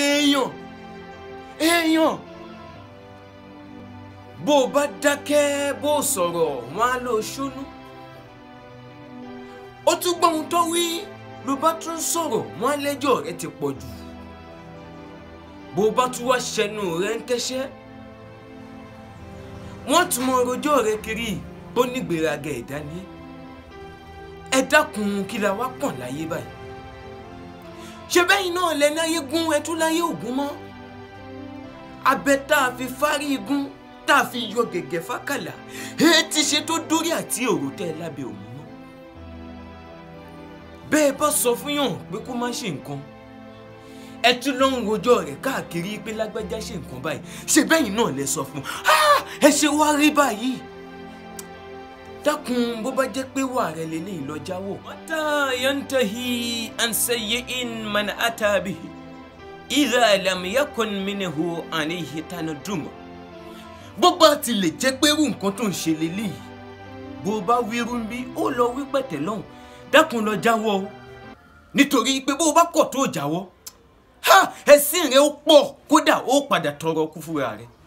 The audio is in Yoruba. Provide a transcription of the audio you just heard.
èèyàn èèyàn bó o bá dákẹ́ bó o sọ̀rọ̀ wọn á lọ ṣónú ó tún gbọ́ ohun tó wí ló bá tún sọ̀rọ̀ wọn á lẹ́jọ́ rẹ ti pọ̀ jù bó o bá tún wá ṣẹnu rẹ ń kẹ́ṣẹ́ wọ́n tún mọ rojọ́ rẹ kiri tó nígbéraga ẹ̀dá ní ẹ dákun kí la wá pọ̀n láyé báyìí ṣe bẹ́yìn náà lẹ́nu ayé gún ẹtú láyé ògún mọ́ abẹ tá a fi fárí igun tá a fi yọ gẹ̀gẹ̀ fákàlà etí ṣe tó dórí àti òrò tẹ́ ẹ lábẹ́ òun mọ́ bẹ́ẹ̀ bá sọ fún yàn pé kó má ṣe nǹkan ẹ tún lọ ń rojọ́ rẹ̀ káàkiri pé lágbájá ṣe nǹkan báyìí ṣe bẹ́yìn náà lẹ sọ fún ẹ ṣe wá rí báyìí dákun bó bá jẹ́ pé wà rẹ lélẹ́ ìlọjá wò. mọ́tà yantahi ansẹ́yé in mana atabi ìrà làmìyàkùn mìnìhù àníyí tánà dùmọ̀. bó bá tilẹ̀ jẹ́ pé irú nǹkan tó ń ṣe lélẹ́ yìí bó bá wíru ń bí ó lọ wí pẹ̀tẹ̀ lọ́hùn dákun lọ jáwọ́ o nítorí pé bó bá kọ̀ tó jáwọ́ ẹ̀sìn rẹ̀ ó pọ̀ kódà ó padà tọrọ kú fúra rẹ̀.